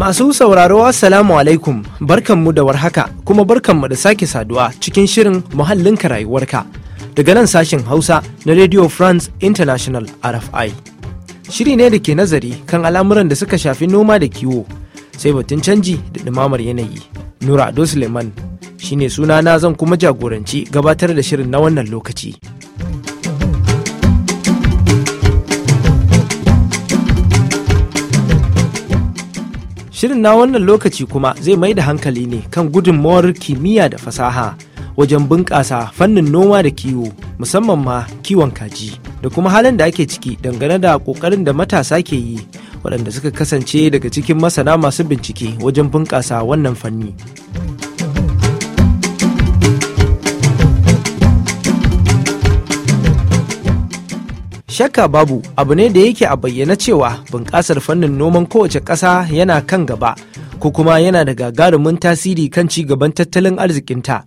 Masu sauraro Assalamu alaikum barkan mu da warhaka kuma barkanmu da sake saduwa cikin shirin muhallin rayuwarka daga nan sashen Hausa na Radio France International RFI. Shiri ne da ke nazari kan al'amuran da suka shafi noma da kiwo sai batun canji da ɗumamar yanayi. Nura Ado Suleiman shine sunana zan kuma jagoranci gabatar da shirin na wannan lokaci. Shirin na wannan lokaci kuma zai mai da hankali ne kan gudunmawar kimiyya da fasaha wajen bunƙasa fannin noma da kiwo musamman ma kiwon kaji da kuma halin da ake ciki dangane da ƙoƙarin da matasa ke yi waɗanda suka kasance daga cikin masana masu bincike wajen bunƙasa wannan fanni. Shakka babu abu ne da yake a bayyana cewa bunƙasar fannin noman kowace ƙasa yana kan gaba ko kuma yana da gagarumin tasiri kan ci gaban tattalin arzikinta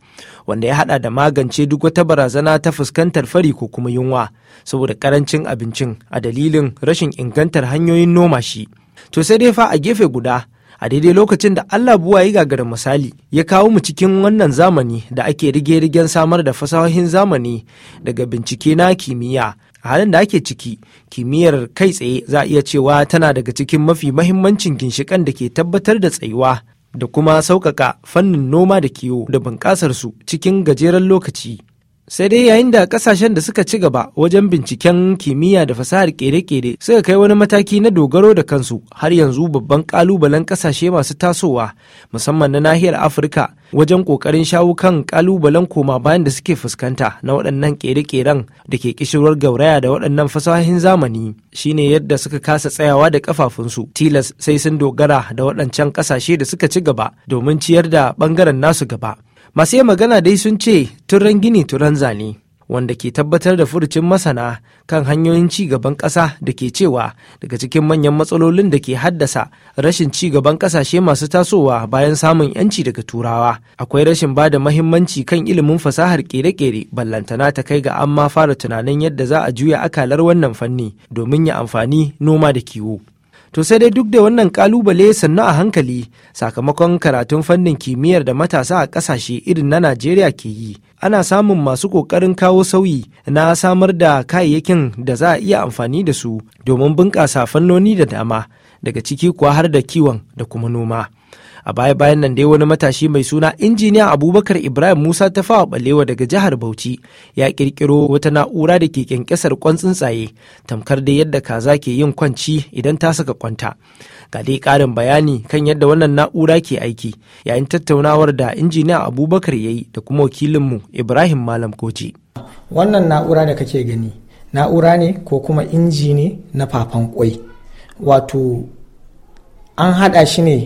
wanda ya haɗa da magance duk wata barazana ta fuskantar fari ko kuma yunwa saboda karancin abincin a dalilin rashin ingantar hanyoyin noma shi. To sai dai fa a gefe guda a daidai lokacin da Allah buwa yi gagara misali ya kawo mu cikin wannan zamani da ake rige-rigen samar da fasahohin zamani daga bincike na kimiyya a halin da ake ciki kimiyyar kai tsaye za a iya cewa tana daga cikin mafi mahimmancin ginshikan da ke tabbatar da tsayuwa da kuma sauƙaƙa fannin noma da kiwo da bunƙasar su cikin gajeren lokaci sai dai yayin da kasashen da suka ci gaba wajen binciken kimiyya da fasahar kere-kere suka kai wani mataki na dogaro da kansu har yanzu babban kalubalen kasashe masu tasowa musamman na nahiyar afirka wajen kokarin shawo kan kalubalen koma bayan da suke fuskanta na waɗannan kere-keren da ke kishirwar gauraya da waɗannan fasahohin zamani shine yadda suka kasa tsayawa da kafafunsu tilas sai sun dogara da waɗancan kasashe da suka ci gaba domin ciyar da bangaren nasu gaba masu yi magana dai sun ce turan gini turan zane wanda ke tabbatar da furucin masana kan hanyoyin ci gaban ƙasa da ke cewa daga cikin manyan matsalolin da ke haddasa rashin ci gaban ƙasashe masu tasowa bayan samun yanci daga turawa akwai rashin ba da mahimmanci kan ilimin fasahar ƙere kere ballantana ta kai ga an ma fara tunanin yadda za a juya akalar wannan fanni domin ya amfani noma da kiwo To sai dai duk da wannan kalubale sannu a hankali sakamakon karatun fannin kimiyyar da matasa a ƙasashe irin na Najeriya ke yi, ana samun masu ƙoƙarin kawo sauyi na samar da kayayyakin da za a iya amfani da su domin bunƙasa fannoni da dama, daga ciki kuwa har da kiwon da kuma noma. a baya bayan nan dai wani matashi mai suna injiniya abubakar ibrahim musa ta fawa balewa daga jihar bauchi ya kirkiro wata na'ura da ke kyankyasar kwan tsuntsaye tamkar dai yadda kaza ke yin kwanci idan ta saka kwanta ga dai karin bayani kan yadda wannan na'ura ke aiki yayin tattaunawar da injiniya abubakar ya yi da kuma wakilinmu ibrahim malam koji wannan na'ura da kake gani na'ura ne ko kuma inji ne na fafan kwai wato an haɗa shi ne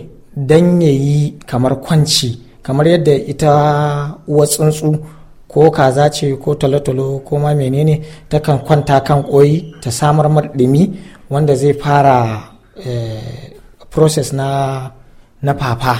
don ya yi kamar kwanci kamar yadda ita uwa tsuntsu ko kaza ce ko talotalo ko ma menene ta kan kwanta kan koyi ta samar maɗumi wanda zai fara eh, process na na fafa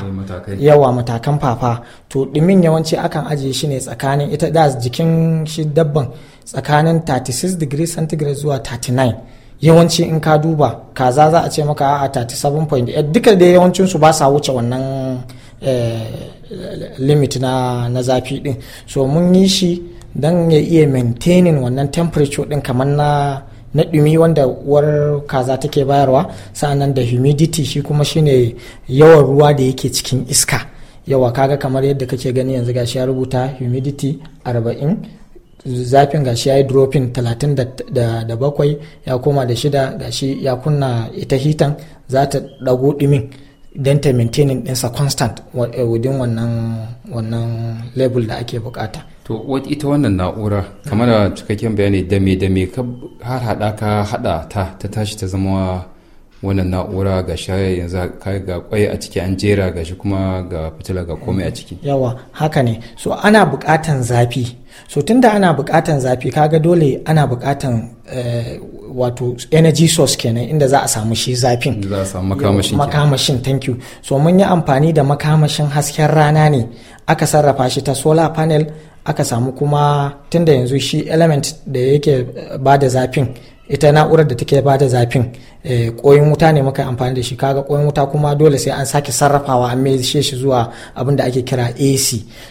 yawa matakan fafa to ɗimin yawanci akan ajiye shi ne tsakanin ita da jikin shi dabban tsakanin 36 degrees centigrade zuwa 39 yawanci in ka duba kaza za a ce maka a 37.8 duka da yawancinsu ba sa wuce wannan eh, limit na, zafi din so mun yi shi don ya iya maintaining wannan temperature din kamar na na ɗumi wanda uwar kaza take bayarwa sa'annan da humidity shi kuma shine yawan ruwa da yake cikin iska yawa kaga kamar yadda kake gani yanzu gashi ya rubuta humidity 40 zafin gashi ya yi dropin 37 ya koma da shida gashi ya kunna ita hitan za ta dago dimin don ta maintaining ɗinsa constant eh, within wannan wannan level da ake bukata to ita wannan na'ura kamar da cikakken bayani dame dame ka har hada ka hada ta ta tashi ta zama wannan na'ura ga shayar yanzu ga kwai a ciki an jera ga shi kuma ga fitila ga komai a ciki yawa haka ne so ana bukatan zafi so tunda ana bukatan zafi kaga dole ana bukatan eh, wato energy source kenan inda za a samu shi zafin za a samu makamashin makamashin thank you so mun yi amfani da makamashin hasken rana ne aka sarrafa shi ta solar panel aka samu kuma tunda yanzu shi element da yake eh, ba da zafin ita na'urar da take ba da zafin koyin eh, wuta ne muka amfani da shi kaga koyin wuta kuma dole sai an sake sarrafawa an mai shi zuwa abin da ake kira ac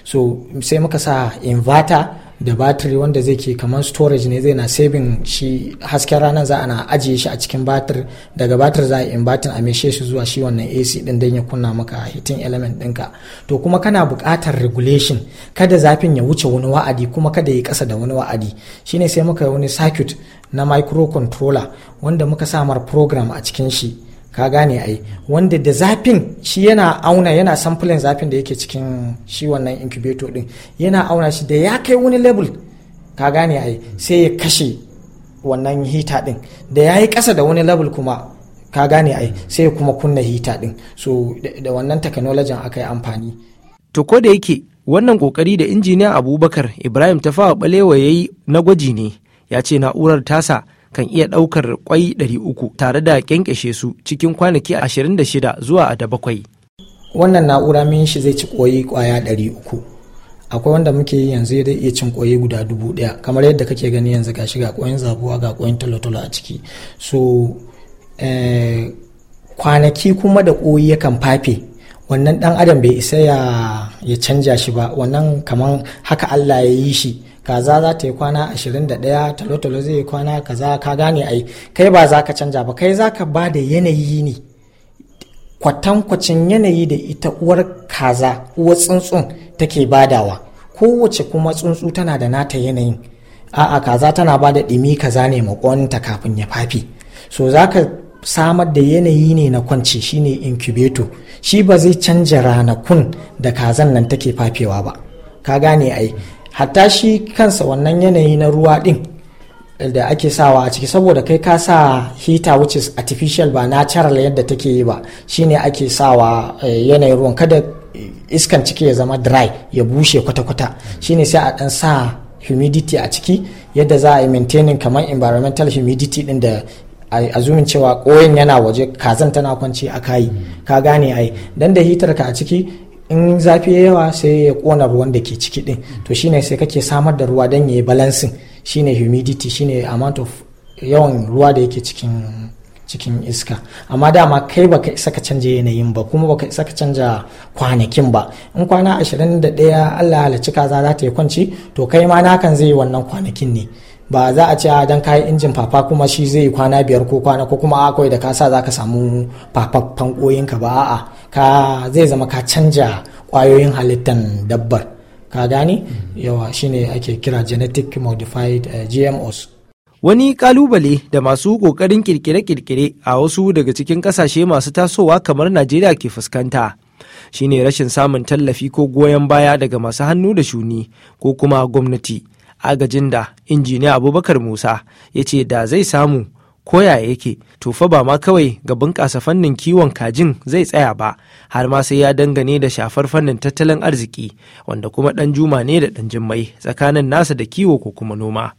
so sai muka sa inverter da batiri wanda zai ke kamar storage ne zai na saving shi hasken ranar za a ajiye shi a cikin batir daga batir za a inverter a meshe shi zuwa shi wannan ac din dan ya kunna maka hitin element ɗinka to kuma kana buƙatar regulation kada zafin ya wuce wani wa'adi kuma kada ya kasa da wani wa'adi shine sai muka yi wani circuit na microcontroller wanda muka samar program a cikin shi ka gane ai wanda da zafin shi yana auna yana samfulin zafin da yake cikin shi wannan incubator din yana auna shi da ya kai wani level ka gane ai sai ya kashe wannan hita din da ya yi kasa da wani level kuma ka gane ai sai kuma kunna hita din so da wannan technology aka yi amfani to ko da yake wannan kokari da injiniya abubakar ibrahim ta tafawa balewa yayi na gwaji ne ya ce na'urar tasa kan iya ɗaukar kwai 300 tare da kyankyashe su cikin kwanaki 26 zuwa da bakwai. Wannan na'ura min shi zai ci koyi kwaya 300. Akwai wanda muke yi yanzu zai iya cin koyi guda dubu ɗaya kamar yadda kake gani yanzu ga shiga ga koyin zabuwa ga koyin talotalo a ciki. So eh, kwanaki kuma da koyi yakan fafe wannan dan adam bai isa ya canja shi ba wannan kamar haka Allah ya yi shi kaza za ta yi kwana 21 ɗaya, talotalo zai yi kwana kaza ka gane ai kai ba za ka canja ba kai za ka ba da yanayi ne kwatankwacin yanayi da ita uwar kaza uwar tsuntsun take badawa kowace kuma tsuntsu tana da nata yanayin a'a kaza tana ba da ɗimi kaza ne makonta kafin ya fafi so za ka samar da yanayi ne na kwanci shine incubator shi ba zai canja ranakun da kazan nan take fafewa ba ka gane ai hatta shi kansa wannan yanayi na ruwa din da ake sawa a ciki saboda kai ka sa hita which is artificial ba natural yadda take yi ba shine ake sawa eh, yanayin ruwan kada iskan ciki ya zama dry ya bushe kwata-kwata shine sai a dan sa humidity a ciki yadda za a yi maintaining kamar environmental humidity din da a zumin cewa koyin yana waje kazan tana kwanci a kayi ka gane ai dan da hitar ka a ciki in zafi ya yawa sai ya kona ruwan da ke ciki din to shine sai kake samar da ruwa don ya yi balancing shine humidity shine amount of yawan ruwa da yake cikin cikin iska amma dama kai baka isa ka canja yanayin ba kuma baka isa ka canja kwanakin ba in kwana 21 Allah halicci kaza za ta yi kwanci to kai ma nakan zai yi wannan kwanakin ne ba za a ce ah, dan kayan injin fafa kuma shi zai yi kwana biyar ko kwana ko kuma akwai ah, da ka sa za ka samu fafaffan koyinka ba a ka zai zama ka canja kwayoyin halittan dabbar ka gane yawa shine ake kira genetic modified eh, gmos wani kalubale da masu kokarin kirkire-kirkire a wasu daga cikin kasashe masu tasowa kamar najeriya ke fuskanta shine rashin samun tallafi ko goyon baya daga masu hannu da shuni ko kuma gwamnati agajin da injiniya abubakar musa ya ce da zai samu koya yake to fa ba ma kawai ga bunƙasa fannin kiwon kajin zai tsaya ba har ma sai ya dangane da shafar fannin tattalin arziki wanda kuma ɗan juma ne da ɗan jimmai tsakanin nasa da kiwo ko kuma noma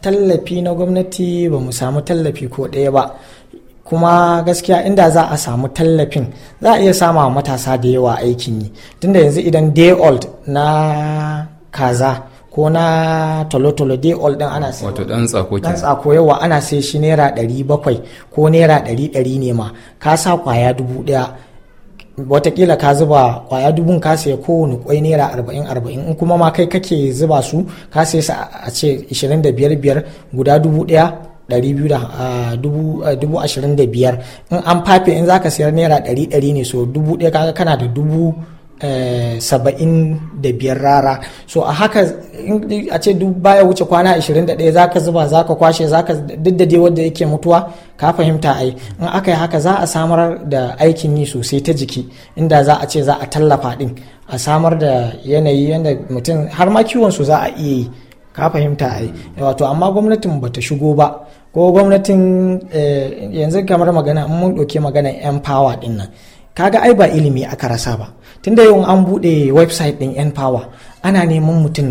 tallafi na gwamnati ba mu samu tallafi ko ɗaya ba kuma gaskiya inda za a samu tallafin za a iya sama matasa da yawa aikin yi tunda yanzu idan day old na kaza ko na tolotolo dai all din ana sai wato dan tsako dan tsako yawa ana sai shi naira 700 ko naira 100 ne ma ka sa kwaya dubu daya ka zuba kwaya dubun ka ko kowane kwai naira arba'in arba'in in kuma ma kai kake zuba su ka sai su a ce ishirin da biyar biyar guda dubu daya dari biyu da dubu ashirin da biyar in an fafe in zaka sayar naira dari dari ne so dubu daya kaga kana da dubu Eh, saba'in da biyar rara so a haka a ce duk baya wuce kwana 21 zaka zuba zaka kwashe zaka duk da wadda yake mutuwa ka fahimta ai in aka yi haka za a samar da aikin yi sosai ta jiki inda za a ce za a tallafa din a samar da yanayi yadda mutum har ma kiwon su za a iya yi ka fahimta ai wato amma gwamnatin ba ta shigo ba ko gwamnatin eh, yanzu kamar magana mun ɗauke magana yan power din nan kaga ai ba ilimi aka rasa ba Tun da yau an buɗe website ɗin yan power ana neman mutum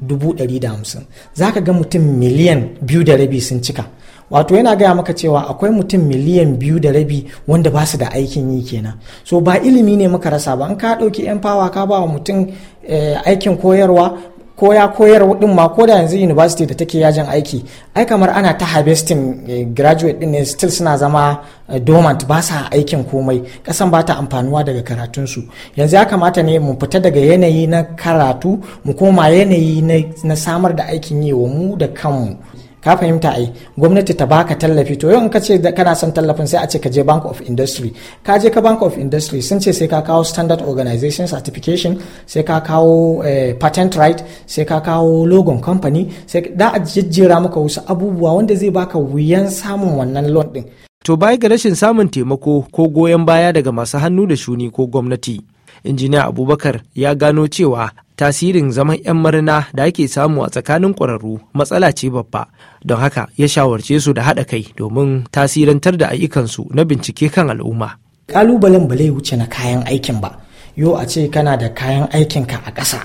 dubu ɗari da hamsin za ka ga mutum miliyan biyu da rabi sun cika wato yana gaya maka cewa akwai mutum miliyan biyu da rabi wanda ba su da aikin yi kenan so ba ilimi ne muka rasa ba an ka ɗauki yan fawa ka ba wa mutum eh, aikin koyarwa ko ya koyar din ma ko da yanzu university da take yajin aiki ai kamar ana ta harvesting eh, graduate din ne still suna zama eh, dormant ba sa aikin komai kasan ba ta amfanuwa daga karatunsu yanzu ya kamata ne mu fita daga yanayi na karatu mu koma yanayi na samar da aikin yi wa mu da kanmu ka fahimta ai gwamnati ta baka tallafi to yau in ka ce kana son tallafin sai a ce ka je bank of industry ka je ka bank of industry sun ce sai ka kawo standard organization certification sai ka kawo eh, patent right sai ka kawo logon company sai da a jejjera maka wasu abubuwa wanda zai baka wuyan samun wannan loan din to bai ga rashin samun taimako ko goyon baya daga masu hannu da shuni ko gwamnati injiniya abubakar ya gano cewa tasirin zaman 'yan marina da ake samu a tsakanin ƙwararru matsala ce babba don haka ya shawarce su da haɗa kai domin tasirantar da ayyukansu na bincike kan al'umma ƙalubalen ba zai wuce na kayan aikin ba yau a ce kana da kayan aikinka a ƙasa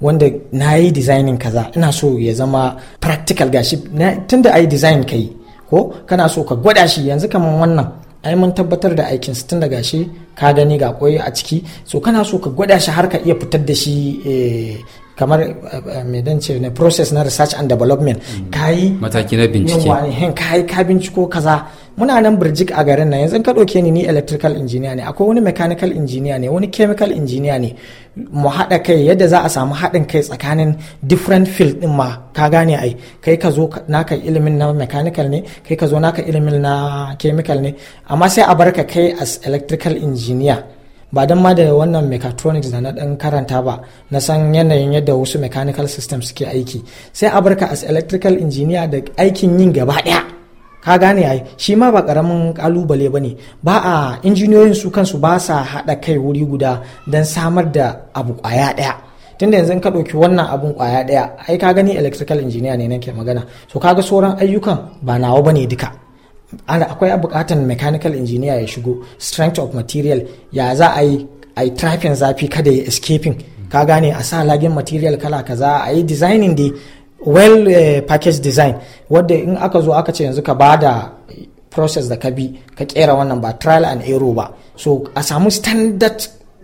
wanda na yi dizainin kaza ina so ya zama practical gashi tunda a yi dizain ka yi ko kana so ka gwada shi yanzu kamar wannan ai mun tabbatar da aikin su tun da gashi ka gani ga koyi a ciki so kana so ka gwada shi har ka iya fitar da shi eh, kamar eh, eh, mai dan ce ne process na research and development mm. kayi mataki na bincike eh, kayi ka binciko kaza muna nan birjik a garin nan yanzu ka ɗauke ni ni electrical engineer ne akwai wani mechanical engineer ne wani chemical engineer ne mu haɗa kai yadda za a samu haɗin kai tsakanin different field din ma ka gane ai kai ka zo naka ilimin na mechanical ne kai ka zo naka ilimin na chemical ne amma sai a barka kai as electrical engineer ba don ma da wannan mechatronics da na ɗan karanta ba na san yanayin yadda wasu mechanical systems suke aiki sai a as electrical engineer da aikin yin gaba daya ka gane ai shi ma ba karamin kalubale ba ne ba a injiniyoyin su kansu ba sa haɗa kai wuri guda don samar da abu kwaya daya tunda yanzu ka ɗauki wannan abun kwaya ɗaya. ai ka gani electrical engineer ne nake magana so kaga sauran ayyukan ba nawa ba ne duka akwai bukatan mechanical engineer ya shigo strength of material ya za a yi a yi trafin zafi kada ya escaping ka gane a sa lagin material kala kaza a yi designing da well uh, package design wadda in aka zo aka ce yanzu ka ba da process da ka bi ka kera wannan ba trial and error ba so a samu standard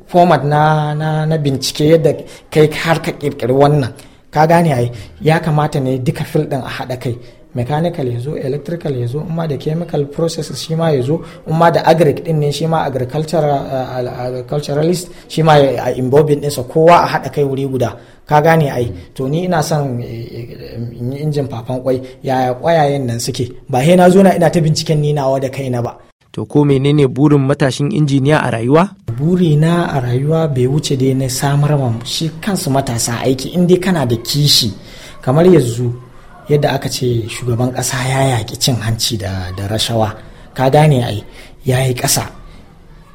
format na, na, na bincike yadda kai har ka kirkiri wannan ka gane ya kamata ne duka fil din a haɗa kai mechanical ya zo electrical ya zo ma da chemical processes shi ma ya zo ma da agric din ne shi ma eh, agriculturalist shi ma a imbobin ɗinsa kowa a haɗa kai wuri guda ka gane ai to ni ina son eh, eh, injin fafan kwai yaya kwayayen nan suke ba he na zo na ina ta binciken ni nawa da kaina ba to ko menene burin matashin injiniya a rayuwa buri na a rayuwa bai wuce dai na samar shi kansu matasa aiki inda kana da kishi kamar yanzu yadda aka ce shugaban ƙasa ya yaƙi cin hanci da, da rashawa ka gane ai ya yi ƙasa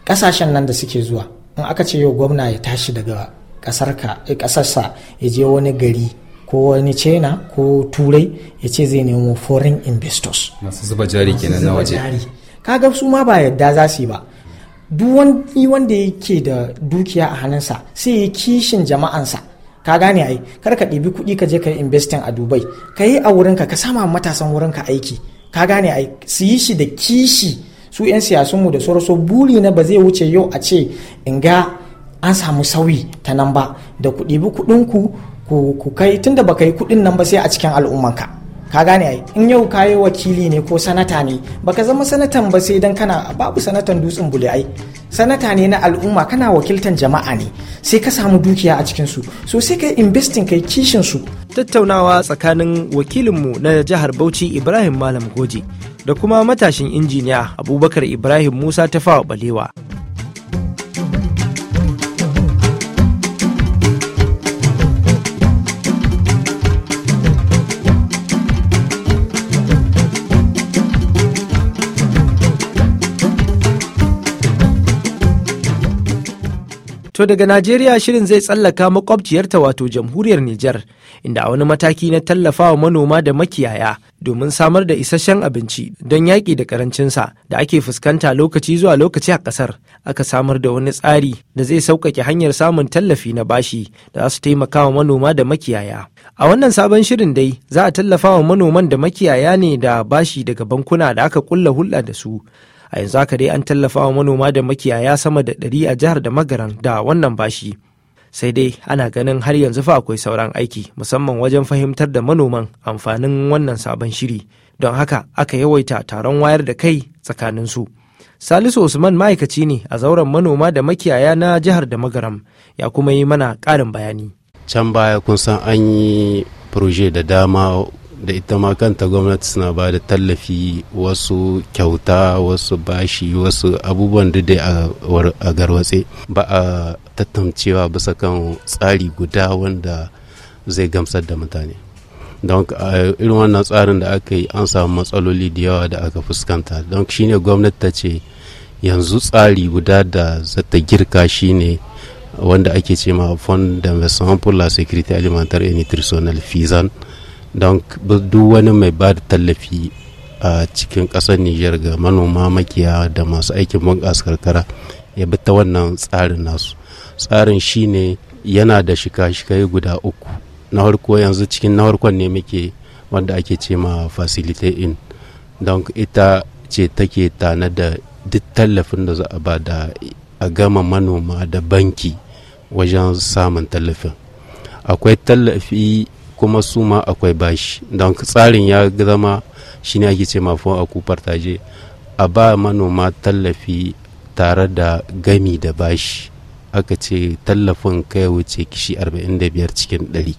ƙasashen nan da suke zuwa in aka ce yau gwamna ya tashi daga eh, ƙasarsa ya je wani gari ko wani china ko turai ya ce zai nemo foreign investors masu zuba jari kenan na waje kaga su ma ba yadda za su yi ba duk wanda yake da dukiya a hannunsa sai ya kishin jama'ansa ka gane ai kar ka ɗibi kuɗi ka je ka yi investing a dubai ka yi a wurinka ka sama matasan wurinka aiki ka gane ai su yi shi da kishi su 'yan siyasunmu da sauransu buri na ba zai wuce yau a ce in ga an samu sauyi ta nan ba da ku ɗibi kuɗinku ku kai tunda ba ka yi kuɗin nan ba sai a cikin al'ummanka ka gane ai in yau ka yi wakili ne ko sanata ne baka zama sanatan ba sai dan kana babu sanatan dutsen bule ai sanata ne na al'umma kana wakiltan jama'a ne sai ka samu dukiya a cikin su so sai kai investing kai kishin su tattaunawa tsakanin wakilin mu na jihar Bauchi Ibrahim Malam Goji da kuma matashin injiniya Abubakar Ibrahim Musa Tafawa Balewa To daga Najeriya shirin zai tsallaka makwabciyarta wato jamhuriyar Nijar, inda a wani mataki na tallafawa manoma da makiyaya domin samar da isasshen abinci don yaƙi da ƙarancinsa da ake fuskanta lokaci zuwa lokaci a ƙasar. Aka samar da wani tsari da zai sauƙaƙe hanyar samun tallafi na bashi da za su taimaka wa manoma da makiyaya. A wannan sabon shirin dai za a tallafawa manoman da makiyaya ne da bashi daga bankuna da aka ƙulla hulɗa da su. a yanzu haka dai an tallafa wa manoma da makiyaya sama da ɗari a jihar da magaran da wannan bashi sai dai ana ganin har yanzu fa akwai sauran aiki musamman wajen fahimtar da manoman amfanin wannan sabon shiri don haka aka yawaita taron wayar da kai tsakanin su salisu usman ma'aikaci ne a zauren manoma da makiyaya na jihar da magaram ya kuma yi mana ƙarin bayani can baya kun san an yi da dama da ita ma kanta gwamnati suna ba da tallafi wasu kyauta wasu bashi wasu abubuwan da dai a garwatse ba a tattamcewa bisa kan tsari guda wanda zai gamsar da mutane don irin wannan tsarin da aka yi an samu matsaloli da yawa da aka fuskanta don shine gwamnati ta ce yanzu tsari guda da zata girka shine wanda ake ce ma fond d'investissement pour la sécurité alimentaire et nutritionnelle fizan don duk wani mai ba da tallafi a cikin ƙasar nijar ga manoma makiya da masu aikin bunƙasa karkara ya bi ta wannan tsarin nasu tsarin shine yana da shika-shikai guda uku na harko yanzu cikin na harkon ne muke wanda ake ce ma facilitate in don ita ce take tana da duk tallafin da za a ba da a gama manoma da banki wajen samun tallafin akwai tallafi kuma su ma akwai bashi don tsarin ya zama shi ne ake ce mafi a kufar taje a ba manoma tallafi tare da gami da bashi aka ce tallafin kai wuce kishi 45 cikin 100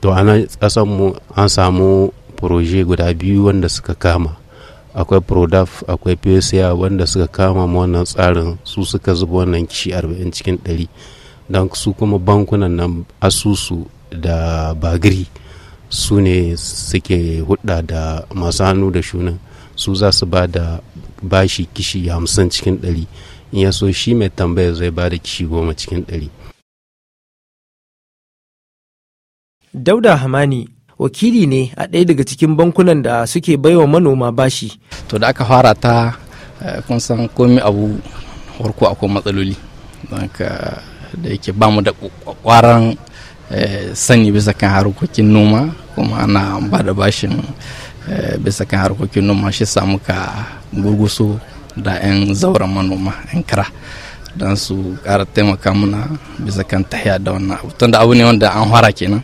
to ana mu an samu proje guda biyu wanda suka kama akwai prodaf akwai psa wanda suka kama wannan tsarin su suka zuba wannan kishi 40 cikin 100 don su kuma bankunan nan asusu da bagiri su ne suke hudda da masu hannu da shunan su za su ba da bashi kishi hamsin cikin ɗari in ya so shi mai tambaya zai ba da kishi goma cikin ɗari. dauda hamani wakili ne a ɗaya daga cikin bankunan da suke baiwa manoma bashi to da aka fara ta eh, kun san komi abu farko akwai matsaloli don da yake ba mu da kwaran sani bisa kan harkokin noma kuma ana ba da bashin eh, bisa kan harkokin noma shi samu ka gurgusu da 'yan zauren manoma 'yan kara don su kara taimaka mana bisa kan tahiya da wannan abu tunda abu ne wanda an fara kenan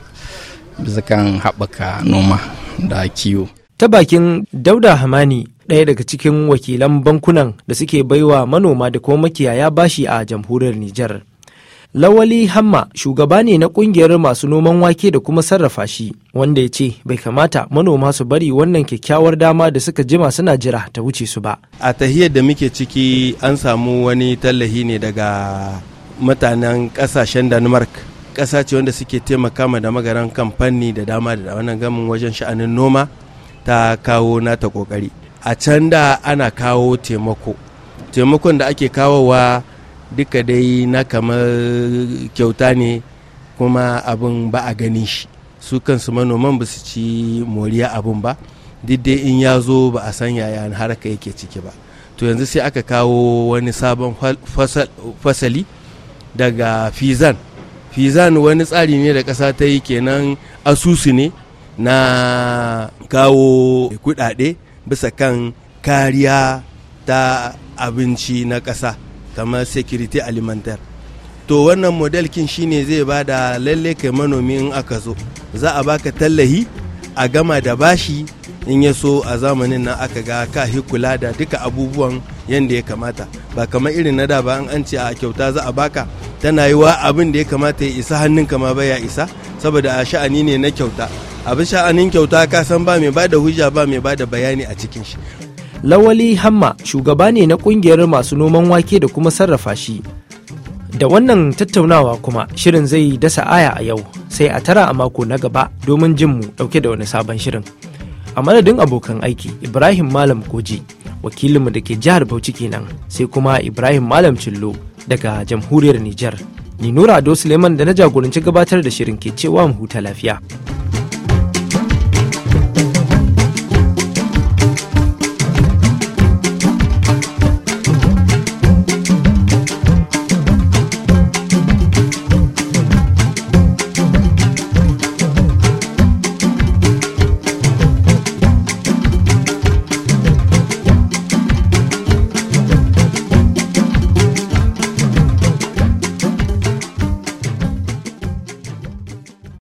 bisa kan haɓaka noma da kiwo ta bakin dauda hamani ɗaya daga cikin wakilan bankunan da suke baiwa manoma da kuma makiyaya bashi a jamhuriyar Nijar. Lawali Hamma shugaba ne na kungiyar masu noman wake da kuma sarrafa shi wanda ya ce bai kamata manoma su bari wannan kyakkyawar dama da suka jima suna jira ta wuce su ba. A tahiyar da muke ciki an samu wani tallahi ne daga mutanen kasashen Denmark. kasa ce wanda suke taimaka ma da magaran kamfani da dama da wannan gamin wajen sha'anin noma ta kawo na ta kokari. A can da ana kawo taimako. Taimakon da ake kawowa duka dai na kamar kyauta ne kuma abin ba a ganin shi su kansu manoman ba su ci moriya abin ba duk dai in ya zo ba a san yaya haraka yake ciki ba to yanzu sai aka kawo wani sabon fasali daga fizan fizan wani tsari ne da ƙasa ta yi kenan asusu ne na kawo kudade bisa kan kariya ta abinci na ƙasa kamar security alimentar to wannan model kin shine zai ba da lalle kai manomi in aka zo za a baka tallahi a gama da bashi in ya so a zamanin nan aka ga ka kula da duka abubuwan yadda ya kamata ba kamar irin na da ba an an ce a kyauta za a baka tana yi wa abin da ya kamata ya isa hannun kama baya isa saboda a sha'ani ne na kyauta abin sha'anin kyauta ka san ba mai ba da hujja ba mai ba da bayani a cikin shi Lawali Hamma shugaba ne na kungiyar masu noman wake da kuma sarrafa shi. Da wannan tattaunawa kuma shirin zai dasa aya a yau sai a tara a mako na gaba domin jin mu dauke da wani sabon shirin. A madadin abokan aiki Ibrahim Malam Koji wakilinmu da ke jihar Bauchi kenan sai kuma Ibrahim Malam Cillo daga jamhuriyar Nijar. Ni Nura Ado Suleiman da na jagoranci gabatar da shirin ke cewa mu huta lafiya.